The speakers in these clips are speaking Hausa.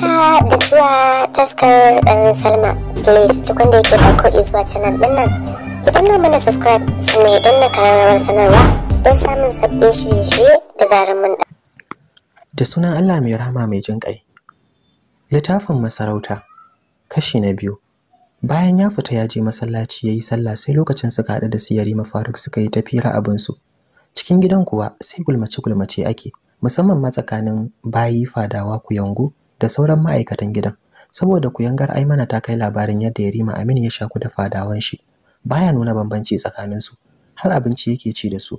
haka ah, da zuwa taskar ɗan um, salma please duk wanda yake farko izuwa canal ɗin nan ki danna mana subscribe sannan don na kararrawar sanarwa don samun sabbin shirye-shirye da zarar mun da da sunan allah mai rahama mai jin ƙai littafin masarauta kashi na biyu bayan ya fita ya je masallaci ya yi sallah sai lokacin suka haɗu da siyari mafaruk suka yi tafira abinsu cikin gidan kuwa sai gulmace-gulmace ake musamman ma tsakanin bayi fadawa ku kuyangu da sauran ma'aikatan gidan saboda kuyangar Aimana ta kai labarin yadda Yarima Amin ya shaku da fadawan shi baya nuna bambanci tsakanin su har abinci yake ci da su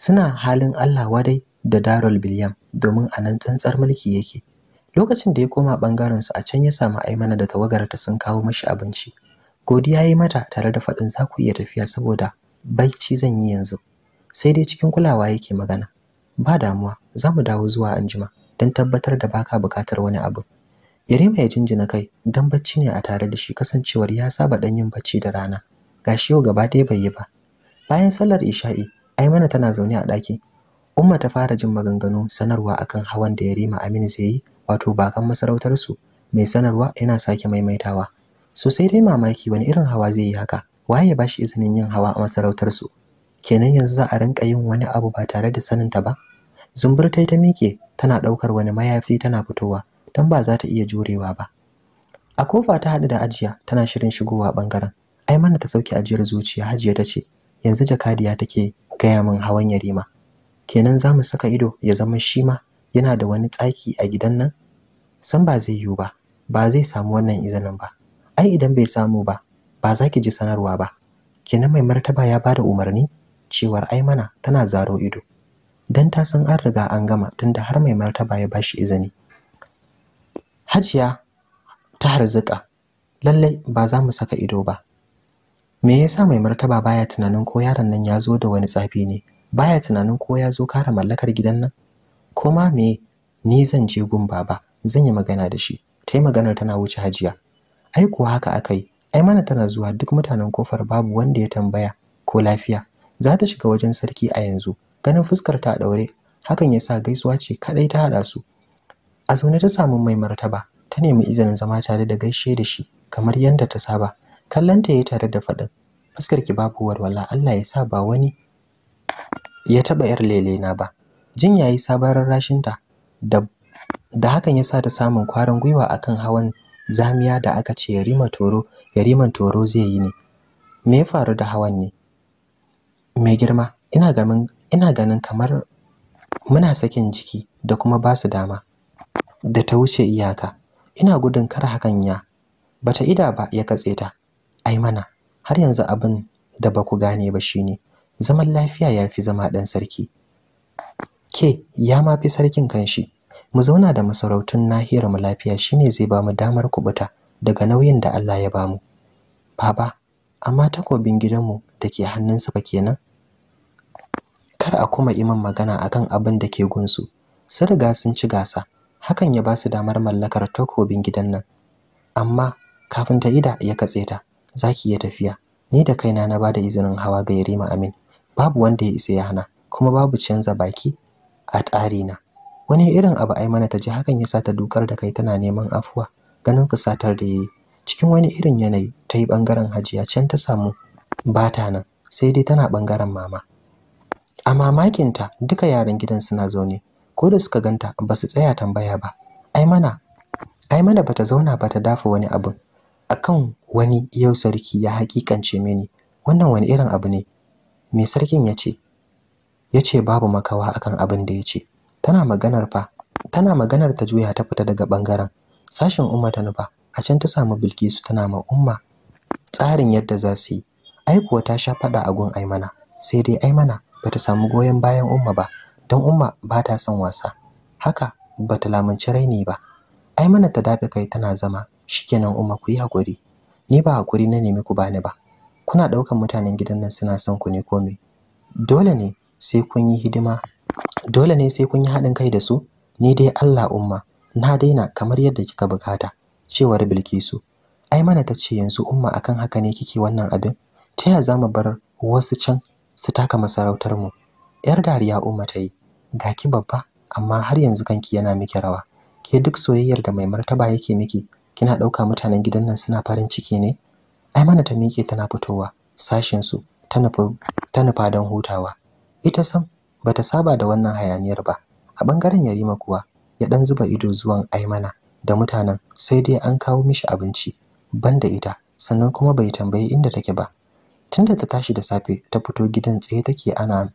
suna halin Allah wadai da Darul Bilyam domin a nan tsantsar mulki yake lokacin da ya koma bangaren su a can ya samu Aimana da tawagar tawagarta sun kawo mashi abinci godiya yi mata tare da faɗin za ku iya tafiya saboda baici zan yi yanzu sai dai cikin kulawa yake magana ba damuwa za mu dawo zuwa anjima don tabbatar da baka bukatar wani abu yarima ya jinjina kai don bacci ne a tare da shi kasancewar ya saba ɗan yin bacci da rana Ga shi yau gaba ɗaya bai yi ba bayan sallar isha'i aimana tana zaune a ɗaki umma ta fara jin maganganu sanarwa akan hawan da yarima aminu zai yi wato bakan masarautar su mai sanarwa yana sake maimaitawa sosai dai mamaki wani irin hawa zai yi haka waye ya bashi izinin yin hawa a masarautar su kenan yanzu za a rinka yin wani abu ba tare da saninta ba zumbur ta ta miƙe tana ɗaukar wani mayafi tana fitowa don ba za ta iya jurewa ba a kofa ta haɗu da ajiya tana shirin shigowa ɓangaren ai mana ta sauke ajiyar zuciya hajiya ta ce yanzu jakadiya take gaya min hawan yarima kenan za mu saka ido ya zama shi ma yana da wani tsaki a gidan nan san ba zai yiwu ba ba zai samu wannan izinin ba ai idan bai samu ba ba za ki ji sanarwa ba kenan mai martaba ya ba da umarni cewar ai mana tana zaro ido don ta san an riga an gama tunda har mai martaba ya bashi izini hajiya ta harzuka lallai ba za mu saka ido ba me yasa mai martaba baya tunanin ko yaron nan ya zo da wani tsafi ne baya tunanin ko ya zo kare mallakar gidan nan ko ma me ni zan je gun baba zan yi magana da shi ta yi maganar tana wuce hajiya ai kuwa haka aka yi ai mana tana zuwa duk mutanen kofar babu wanda ya tambaya ko lafiya za ta shiga wajen sarki a yanzu ganin fuskar ta daure hakan ya sa gaisuwa ce kadai ta hada su a zaune ta samu mai martaba ta nemi izinin zama tare da gaishe da shi kamar yadda ta saba kallon ta yayi tare da faɗin fuskar ki babu walwala Allah ya sa ba wani ya taba yar lele na ba jin yayi sabarar rashin ta da da hakan sa ta samun kwarin gwiwa akan hawan zamiya da aka ce Yarima Toro Yariman Toro zai yi ne me ya faru da hawan ne mai girma ina gamin ina ganin kamar muna sakin jiki da kuma ba su dama da ta wuce iyaka ina gudun kar hakan ya bata ida ba ya katse ta ai mana har yanzu abin da ba ku gane ba shine zaman lafiya ya fi zama ɗan sarki ke ya ma fi sarkin kanshi mu zauna da masarautun nahiyar mu lafiya shine zai ba mu damar kubuta daga nauyin da Allah ya ba bamu baba amma takobin gidanmu da ke hannunsu fa kenan kar a kuma yi min magana akan abin da ke gunsu sun riga sun ci gasa hakan ya ba su damar mallakar takobin gidan nan amma kafin ta ida ya katse ta zaki ya tafiya ni da kaina na bada izinin hawa ga Yarima Amin babu wanda ya isa ya hana kuma babu canza baki a tsari na wani irin abu ai mana ta ji hakan ya sa ta dukar da kai tana neman afuwa ganin fusatar da yayi cikin wani irin yanayi ta yi bangaren Hajiya can ta samu bata nan sai dai tana bangaren mama a mamakinta duka yaran gidan suna zaune ko da suka ganta ba su tsaya tambaya ba ai mana ai mana bata zauna ba ta dafa wani abu. akan wani yau sarki ya hakikance mini wannan wani irin abu ne me sarkin ya ce ya ce babu makawa akan abin da ya ce tana maganar fa tana maganar ta juya ta fita daga bangaren Sashen umma ta nufa a can ta samu bilkisu tana ma umma tsarin yadda za su yi ai kuwa ta sha fada a gun aimana sai dai aimana bata samu goyon bayan Umma ba don Umma ba ta son wasa haka bata lamunci raini ba ai mana ta dafe kai tana zama shikenan Umma ku yi hakuri ni ba hakuri na nemi ku bani ba kuna daukan mutanen gidan nan suna son ku ne ko me dole ne sai kun yi hidima dole ne sai kun yi haɗin kai da su ni dai Allah Umma na daina kamar yadda kika bukata cewar Bilkisu ai mana ta ce yanzu Umma akan haka ne kike wannan abin ta ya zama bar wasu can su taka masarautar mu yar dariya umma ta ga ki babba amma har yanzu kanki yana miki rawa ke duk soyayyar da mai martaba yake miki kina dauka mutanen gidan nan suna farin ciki ne ai mana ta miƙe tana fitowa sashin su ta nufa don hutawa ita sam bata saba da wannan hayaniyar ba a bangaren yarima kuwa ya dan zuba ido zuwan aimana da mutanen sai dai an kawo mishi abinci banda ita sannan kuma bai tambayi inda take ba tunda ta tashi da safe ta fito gidan tsaye take ana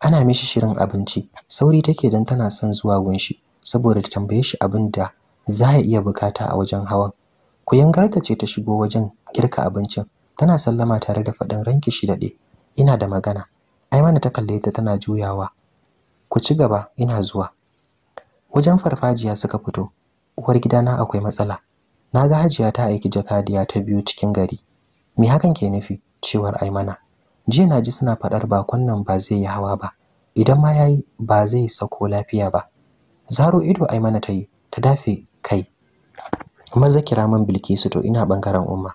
ana mishi shirin abinci sauri take dan tana son zuwa gunshi saboda ta tambaye shi abin da za ya iya bukata a wajen hawan Ku kuyangarta ce ta shigo wajen girka abincin tana sallama tare da faɗin ranki shi daɗe ina da magana ai mana ta kalle ta tana juyawa ku ci gaba ina zuwa wajen farfajiya suka fito uwar gidana akwai matsala na ga hajiya ta aiki jakadiya ta biyu cikin gari me hakan ke nufi cewar Aimana. Jiya na ji suna faɗar bakon nan ba zai yi hawa ba, idan ma ya yi ba zai sako lafiya ba. Zaro ido Aimana ta yi, ta dafe kai. Maza kira min Bilkisu to ina ɓangaren Umma.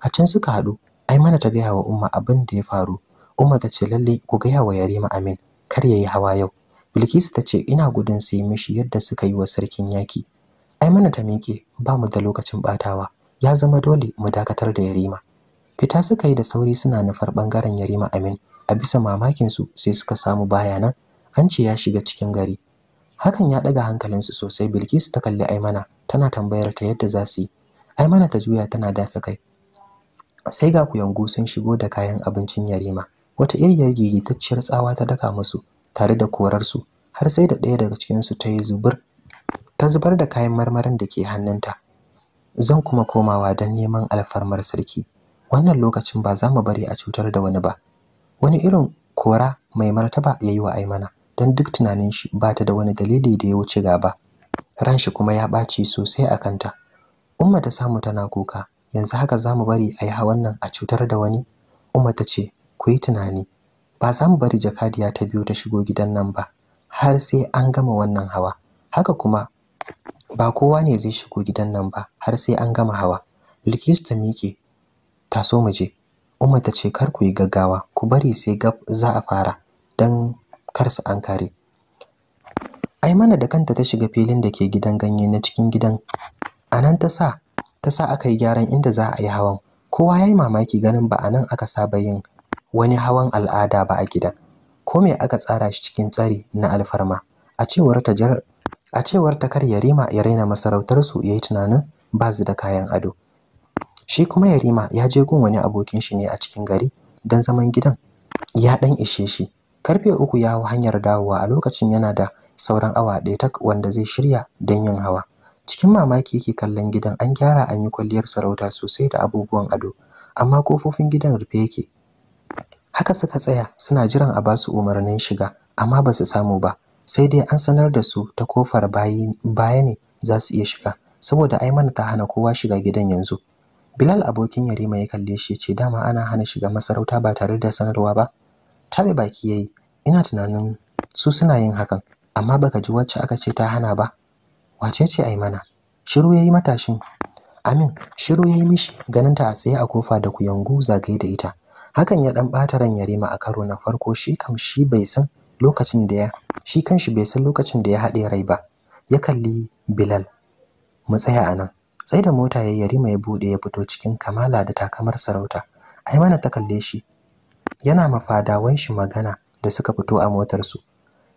A can suka haɗu, Aimana ta gaya wa Umma abin da ya faru. Umma ta ce lalle ku gaya wa Yarima Amin kar ya yi hawa yau. Bilkisu ta ce ina gudun su yi mishi yadda suka yi wa sarkin yaki. Aimana ta miƙe ba mu da lokacin ɓatawa, ya zama dole mu dakatar da Yarima. fita suka yi da sauri suna nufar bangaren yarima amin a bisa mamakinsu sai suka samu bayanan an ce ya shiga cikin gari hakan ya daga hankalinsu sosai bilkisu ta kalli aimana tana tambayar ta yadda za su yi aimana ta juya tana dafe kai sai ga kuyangu sun shigo da kayan abincin yarima wata iriyar gigitacciyar tsawa ta daka musu tare da korarsu har sai da ɗaya daga cikinsu ta yi zubar. ta zubar da kayan marmarin da ke hannunta zan kuma komawa don neman alfarmar sarki wannan lokacin ba za mu bari a cutar da wani ba wani irin kora mai martaba ya yi wa aimana don duk tunanin shi ba ta da wani dalili da ya wuce gaba ran shi kuma ya ɓaci sosai a kanta umma ta samu tana kuka yanzu haka za mu bari a yi hawan nan a cutar da wani umma ta ce ku yi tunani ba za mu bari jakadiya ta biyu ta shigo gidan nan ba har sai an gama wannan hawa haka kuma ba kowa ne zai shigo gidan nan ba har sai an gama hawa likista ta miƙe taso mu je umma ta ce kar ku yi gaggawa ku bari sai gab za a fara dan kar su an kare ai mana da kanta ta shiga filin da ke gidan ganye na cikin gidan anan ta sa ta sa aka yi gyaran inda za a yi hawan kowa ya yi mamaki ganin ba anan aka saba yin wani hawan al'ada ba a gidan ko me aka tsara shi cikin tsari na alfarma a cewar ta jar a cewar ta kar yarima ya raina masarautar su yayi tunanin ba su da kayan ado shi kuma yarima ya je gun wani abokin shi ne a cikin gari don zaman gidan ya dan ishe shi karfe uku ya hau hanyar dawowa a lokacin yana da sauran awa ɗaya tak wanda zai shirya don yin hawa cikin mamaki yake kallon gidan an gyara an yi kwalliyar sarauta sosai da abubuwan ado amma kofofin gidan rufe yake haka suka tsaya suna jiran a basu umarnin shiga amma ba su samu ba sai dai an sanar da su ta kofar baya ne za su iya shiga saboda mana ta hana kowa shiga gidan yanzu Bilal abokin Yarima ya kalle shi ya ce dama ana hana shiga masarauta ba tare da sanarwa ba. Tabe baki yayi. Ina tunanin su suna yin hakan amma baka ji wacce aka ce ta hana ba. Wace ce mana? Shiru yayi matashin. Amin, shiru yayi mishi ganin ta a tsaye a kofa da kuyangu zagaye da ita. Hakan ya dan bata ran Yarima a karo na farko shi kam shi bai san lokacin da ya shi kanshi bai san lokacin da ya haɗe rai ba. Ya kalli Bilal. Mu tsaya a nan. sai da mota ya yarima ya buɗe ya fito cikin kamala da takamar sarauta ai mana ta kalle shi yana mafadawan shi magana da suka fito a motar su,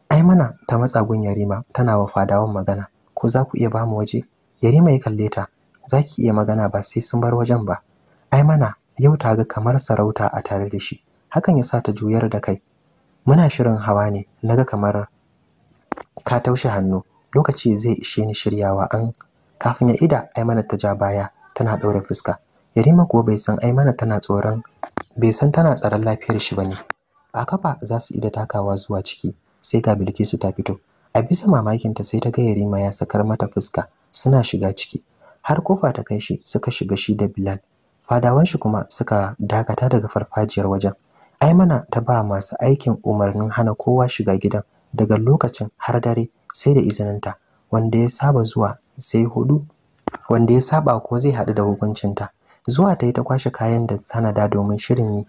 ai mana ta matsa gun yarima tana mafadawan magana ko za ku iya ba mu waje yarima ya kalle ta za ki iya magana ba sai sun bar wajen ba ai mana. yau ta ga kamar sarauta a tare da shi hakan ya sa ta juyar da kai muna shirin hawa ne naga kamar ka taushe hannu lokaci zai ishe ni shiryawa an kafin ya ida Aimana ta ja baya tana daure fuska Yarima kuwa bai san Aimana tana tsoron bai san tana tsaron lafiyar shi bane a kafa za su ida takawa zuwa ciki sai ga Bilkisu ta fito a bisa mamakinta sai ta ga Yarima ya sakar mata fuska suna shiga ciki har kofa ta kai shi suka shiga shi da Bilal fadawan shi kuma suka dakata daga farfajiyar wajen Aimana ta ba masu aikin umarnin hana kowa shiga gidan daga lokacin har dare sai da izininta wanda ya saba zuwa sai hudu wanda ya saba ko zai haɗu da hukuncinta zuwa ta yi ta kwashe kayan da tanada domin shirin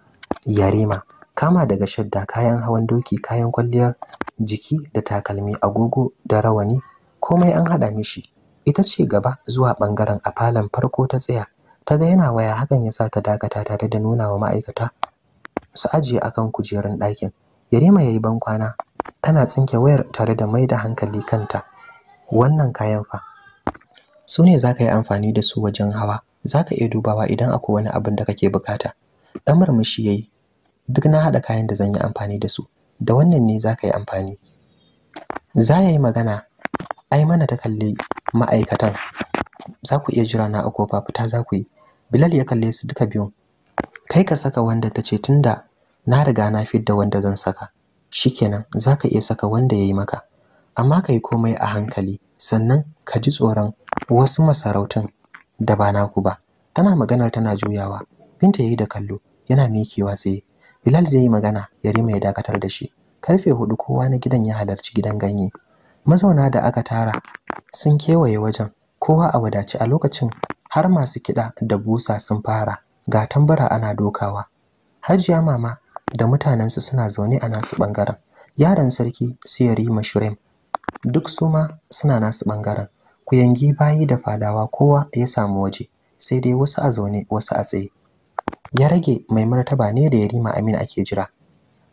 yarima kama daga shadda kayan hawan doki kayan kwalliyar jiki da takalmi agogo da rawani komai an haɗa mishi ita ce gaba zuwa ɓangaren a falon farko ta tsaya ta ga yana waya hakan ya sa ta dakata tare da nuna wa ma'aikata su ajiye a kan kujerun ɗakin yarima ya yi bankwana tana tsinke wayar tare da mai da hankali kanta wannan kayan fa su ne za ka yi amfani da su wajen hawa za ka iya dubawa idan akwai wani abin da kake bukata ɗan murmushi ya yi duk na haɗa kayan da zan yi amfani da su da wannan ne za ka yi amfani za ya yi magana ai mana ta kalli ma'aikatan za ku iya jira na a kofa fita za ku yi bilal ya kalle su duka biyun kai ka saka wanda ta ce tunda na riga na fidda wanda zan saka shikenan za ka iya saka wanda ya yi maka amma ka yi komai a hankali sannan ka ji tsoron wasu masarautan da ba naku ba tana maganar tana juyawa binta ya yi da kallo yana mikewa tsaye bilal zai yi magana yarima ya dakatar da shi karfe hudu kowa na gidan ya halarci gidan ganye mazauna da aka tara sun kewaye wajen kowa a wadaci a lokacin har masu kiɗa da busa sun fara ga tambara ana dokawa hajiya mama da mutanensu suna zaune a nasu ɓangaren yaron sarki yarima shirin duk su ma suna nasu ɓangaren yangi bayi da fadawa kowa ya samu waje sai dai wasu a zaune wasu a tsaye ya rage mai martaba ne da yarima amina ake jira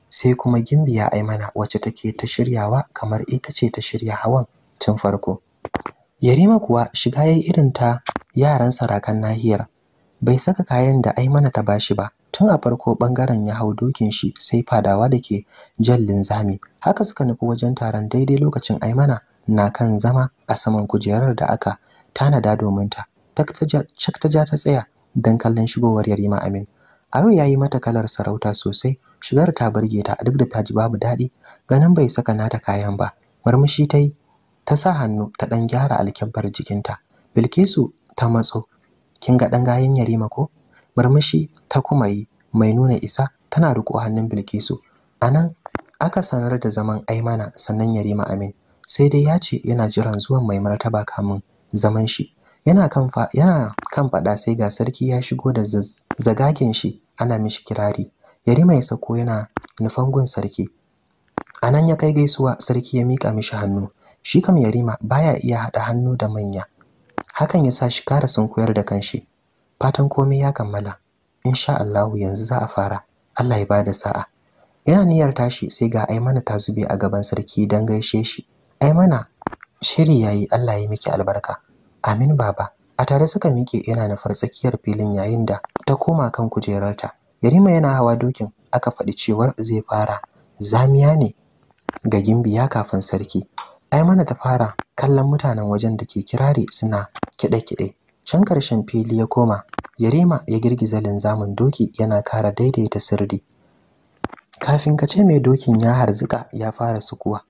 sai kuma gimbiya aimana wacce take ta shiryawa kamar ita ce ta shirya hawan tun farko yarima kuwa shiga yayi irin ta yaran sarakan nahiyar bai saka kayan da aimana ta bashi ba tun a farko bangaren ya hau dokin shi sai fadawa da ke jan linzami haka suka nufi wajen taron daidai lokacin aimana na kan zama a saman kujerar da aka tanada domin ta cak ta ja ta tsaya don kallon shigowar yarima amin ayo ya yi mata kalar sarauta sosai shigar ta barge ta duk da ta ji babu daɗi ganin bai saka nata kayan ba murmushi ta yi ta sa hannu ta ɗan gyara alkyabbar jikinta bilkisu ta matso kin ga ɗan gayen yarima ko murmushi ta kuma yi mai nuna isa tana riko hannun Bilkisu anan aka sanar da zaman Aimana sannan Yarima Amin sai dai ya ce yana jiran zuwan mai martaba kamun zaman shi yana kan fa fada sai ga sarki ya shigo da zagagen shi ana mishi kirari Yarima ya sako yana nufan gun sarki anan ya kai gaisuwa sarki ya mika mishi hannu shi kam Yarima baya iya hada hannu da manya hakan ya sa shi kara sun koyar da kanshi fatan komai ya kammala insha Allah yanzu za a fara Allah ya bada sa'a yana niyyar tashi sai ga Aimana ta zube a gaban sarki dan gaishe shi Aimana shiri yayi Allah ya miki albarka amin baba a tare suka miƙe yana nufar tsakiyar filin yayin da ta koma kan kujerarta Yarima yana hawa dokin aka faɗi cewar zai fara zamiya ne ga gimbiya kafin sarki Aimana ta fara kallon mutanen wajen da ke kirari suna kiɗe-kiɗe can karshen fili ya koma Yarima ya girgiza linzamin doki yana kara daidaita sirri. Kafin ka ce mai dokin ya harzika ya fara sukuwa.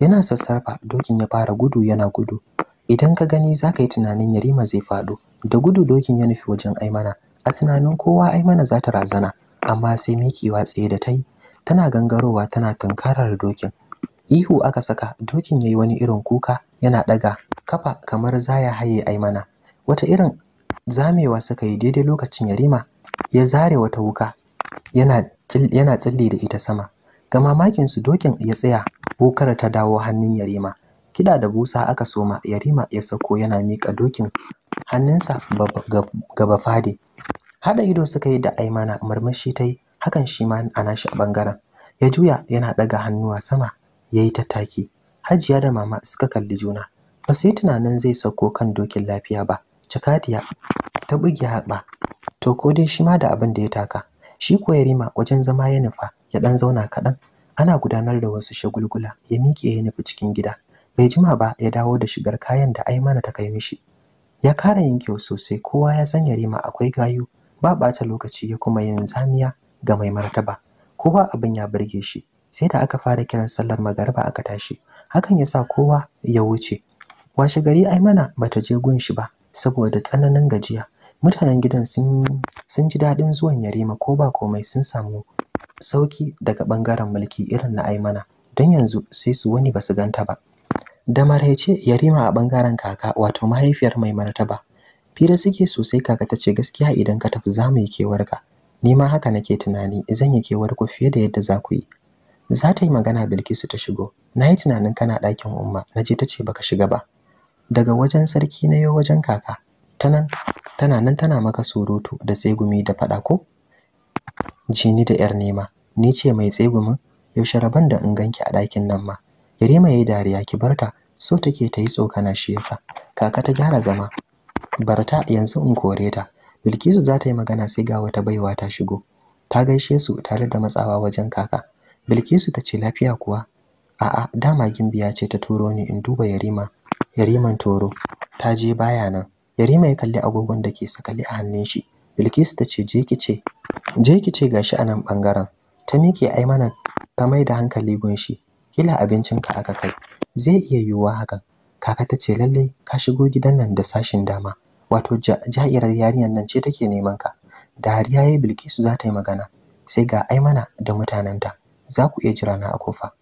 Yana sassarfa dokin ya fara gudu yana gudu. Idan ka gani za ka yi tunanin Yarima zai faɗo. Da gudu dokin ya nufi wajen Aimana. A tunanin kowa Aimana za ta razana, amma sai miƙewa tsaye da ta Tana gangarowa tana tunkarar dokin. Ihu aka saka dokin ya yi wani irin kuka yana ɗaga kafa kamar za ya haye Aimana. Wata irin zamewa suka yi daidai lokacin yarima ya zare wata wuka yana tsalle da ita sama ga mamakin su dokin ya tsaya wukar ta dawo hannun yarima kida da busa aka soma yarima ya sako yana mika dokin hannunsa gaba fadi hada ido suka yi da aimana murmushi ta yi hakan shi ma a nashi a bangaren ya juya yana daga hannuwa sama ya yi tattaki hajiya da mama suka kalli juna ba su yi tunanin zai sako kan dokin lafiya ba jakadiya ta buge haɓa to ko dai shi ma da abin da ya taka shi ko yarima wajen zama ya nufa ya ɗan zauna kaɗan ana gudanar da wasu shagulgula ya miƙe ya nufi cikin gida bai jima ba ya dawo da shigar kayan da aimana ta kai mishi ya kara yin kyau sosai kowa ya san yarima akwai gayu ba ɓata lokaci ya kuma yin zamiya ga mai martaba kowa abin ya burge shi sai da aka fara kiran sallar magariba aka tashi hakan ya sa kowa ya wuce washe gari aimana bata je gunshi ba saboda tsananin gajiya mutanen gidan sun ji daɗin zuwan yarima ko ba komai sun samu sauki daga ɓangaren mulki irin na aimana don yanzu sai su wani ba su ganta ba da maraice yarima a ɓangaren kaka wato mahaifiyar mai martaba fira suke sosai kaka ta ce gaskiya idan ka tafi za mu yi kewarka ni ma haka nake tunani zan yi kewar ku fiye da yadda za ku yi za ta yi magana bilkisu ta shigo na yi tunanin kana ɗakin umma na je ta ce baka shiga ba daga wajen sarki na yau wajen kaka tanan tana nan tana maka surutu da tsegumi da fada ko jini da yar nema ni ce mai tsegumin yaushe rabon da in ganki a ɗakin nan ma yarima yayi dariya ki barta so take ta yi tsokana shi yasa kaka ta gyara zama barta yanzu in kore ta bilkisu za ta yi magana sai ga wata baiwa ta shigo ta gaishe su tare da matsawa wajen kaka bilkisu ta ce lafiya kuwa a'a dama gimbiya ce ta turo ni in duba yarima Yariman Toro ta je baya nan Yarima ya kalli agogon da ke sakali a hannun shi Bilkisu ta ce je ki ce je ce gashi a nan bangaren ta miƙe ai mana ta mai da hankali gunshi kila abincinka aka kai zai iya yiwuwa hakan kaka ta ce lallai ka shigo gidan nan da sashin dama wato ja'irar yarinyar nan ce take neman ka da hariya yayi Bilkisu za ta yi magana sai ga Aimana da mutanenta za ku iya jira na a kofa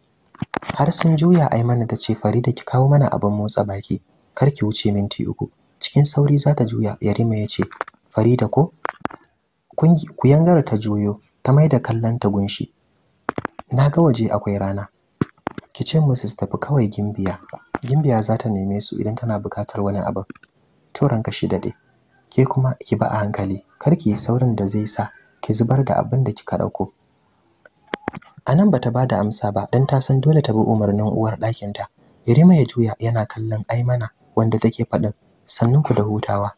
har sun juya mana ta ce Farida ki kawo mana abin motsa baki kar ki wuce minti uku cikin sauri za ta juya Yarima ya ce Farida ko Ku yangara ta juyo ta mai da kallon ta gunshi na ga waje akwai rana ki ce musu su tafi kawai gimbiya gimbiya za ta neme su idan tana bukatar wani abin to ranka shi daɗe ke kuma ki ba a hankali kar ki yi saurin da zai sa ki zubar da abin da kika ɗauko A nan bata bada amsa ba don ta san dole ta bi umarnin uwar ɗakinta. Yarima ya juya yana kallon Aimana wanda take faɗin sannun ku da hutawa.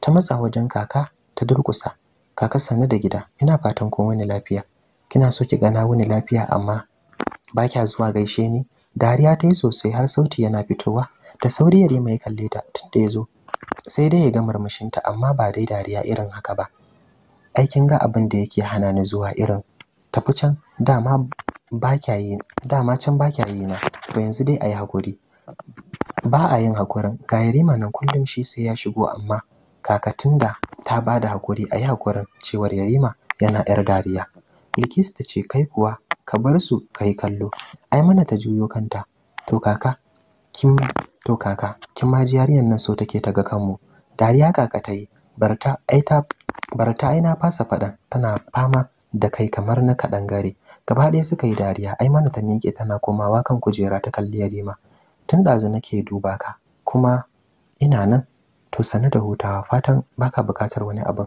Ta matsa wajen kaka ta durkusa Kaka sannu da gida, ina fatan kun wani lafiya. Kina so ki gana wani lafiya amma ba kya zuwa gaishe ni? Dariya ta yi sosai har sauti yana fitowa. Da sauri Yarima ya kalle ta tunda ya zo. Sai dai ya ga murmushinta amma ba dai dariya irin haka ba. Aikin ga abin da yake hana ni zuwa irin tafi can dama ba yi dama can ba kya yi na to yanzu dai a yi hakuri ba a yin hakurin ga yarima nan kullum shi sai ya shigo amma kaka tunda ta ba da hakuri a yi hakurin cewar yarima yana yar dariya bilkisu ta ce kai kuwa ka bar su ka yi kallo ai mana ta juyo kanta to kaka kin to kaka kin ma ji yarinyar nan so take ta ga kanmu dariya kaka ta yi barta ai ta barta ai na fasa faɗan tana fama da kai kamar na kaɗan gare gaba ɗaya suka yi dariya ai mana ta miƙe tana komawa kan kujera ta kalli yarima tun ɗazu nake duba ka kuma ina nan to sanu da hutawa fatan baka buƙatar wani abin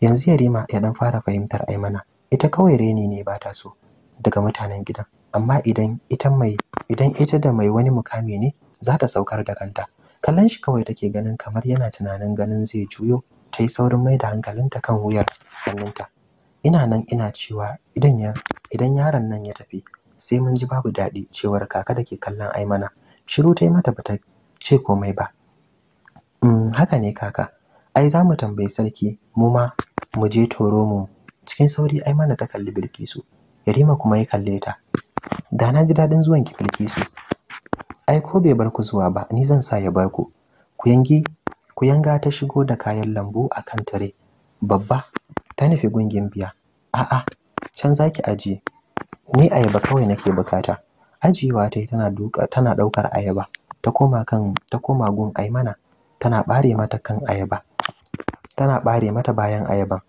yanzu yarima ya ɗan fara fahimtar aimana ita kawai reni ne ba ta so daga mutanen gidan amma idan ita mai idan ita da mai wani mukami ne za ta saukar da kanta kallon shi kawai take ganin kamar yana tunanin ganin zai juyo ta yi saurin mai da hankalinta kan wuyar hannunta ina nan ina cewa idan ya idan yaron nan ya tafi sai mun ji babu daɗi cewar kaka da ke kallon mana shiru ta yi mata bata ce komai ba mm, haka ne kaka ai za mu tambayi sarki mu ma mu je toro mu cikin sauri ai mana ta kalli bilkisu yarima kuma ya kalle ta da na ji daɗin zuwan ki bilkisu ai ko bai barku zuwa ba ni zan sa ya bar ku ku yangi ku yanga ta shigo da kayan lambu a kan tare, babba ta nufi gun gimbiya a'a can zaki ajiye ni ayaba kawai nake bukata ajiyewa ta tana duka tana daukar ayaba ta koma kan ta koma gun aimana tana bare mata kan ayaba tana ɓare mata bayan ayaban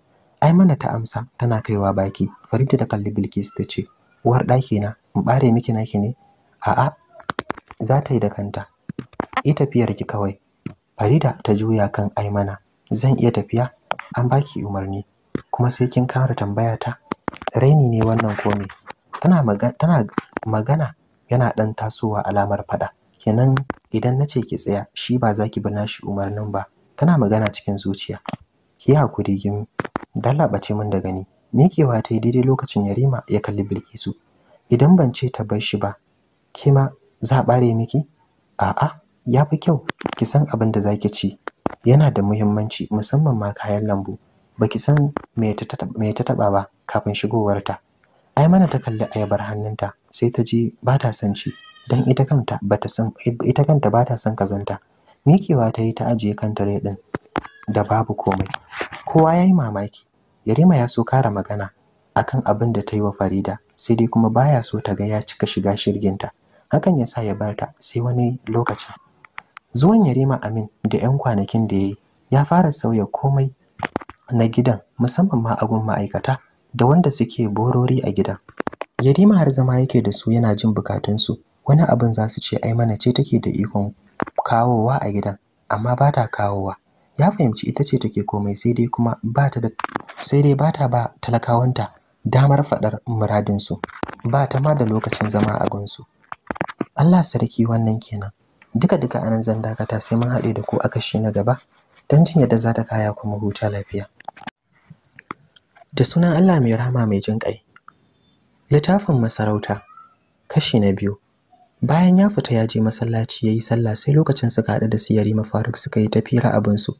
aimana ta amsa tana kaiwa baki farida ta kalli bilkis ta ce uwar daki na in ɓare miki naki ne a'a za ta yi da kanta yi tafiyar ki kawai farida ta juya kan aimana zan iya tafiya an baki umarni kuma sai kin kara tambaya ta raini ne wannan ko me tana magana tana magana yana dan tasowa alamar faɗa. kenan idan nace ki tsaya shi ba zaki ki bi nashi umarnin ba tana magana cikin zuciya ki hakuri dala ɓace min da gani mikewa ta daidai lokacin yarima ya kalli bilkisu idan ban ce ta bar shi ba ke ma za a bare miki a'a ya fi kyau ki san abin da zaki ci yana da muhimmanci musamman ma kayan lambu baki san me ta taɓa ba kafin shigowarta ai mana ta kalli ayabar hannunta sai ta ji ba ta son ci dan ita kanta ba ta san ita kanta ba ta son kazanta mikewa ta yi ta ajiye kanta rai din da babu komai kowa ya yi mamaki yarima ya so kara magana akan abin da ta yi wa farida sai dai kuma baya so ta ga ya cika shiga shirginta hakan ya sa ya bar ta sai wani lokacin zuwan yarima amin da yan kwanakin da ya yi ya fara sauya komai na gidan musamman ma agun ma'aikata da wanda suke borori a gidan yarima har zama yake da su yana jin bukatunsu wani abin za su ce ai mana ce take da ikon kawowa a gidan amma ba ta kawowa ya fahimci ita ce take komai sai dai kuma ba ta da sai dai ba ta ba talakawanta damar faɗar muradinsu ba ta ma da lokacin zama a gunsu Allah sarki wannan kenan duka duka anan zan dakata sai mun haɗe da ko a kashi na gaba don jin yadda za ta kaya kuma huta lafiya da sunan Allah mai rahama mai jin ƙai. Littafin masarauta, kashi na biyu. Bayan ya fita ya je masallaci ya yi sallah sai lokacin suka haɗu da siyari mafaruk suka yi tafira abinsu.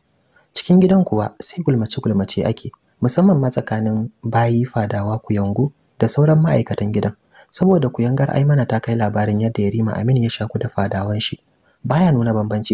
Cikin gidan kuwa sai gulmace-gulmace ake, musamman ma tsakanin bayi fadawa kuyangu da sauran ma'aikatan gidan. Saboda kuyangar Aimana ta kai labarin yadda Yarima Aminu ya shaku da fadawan shi, baya nuna bambanci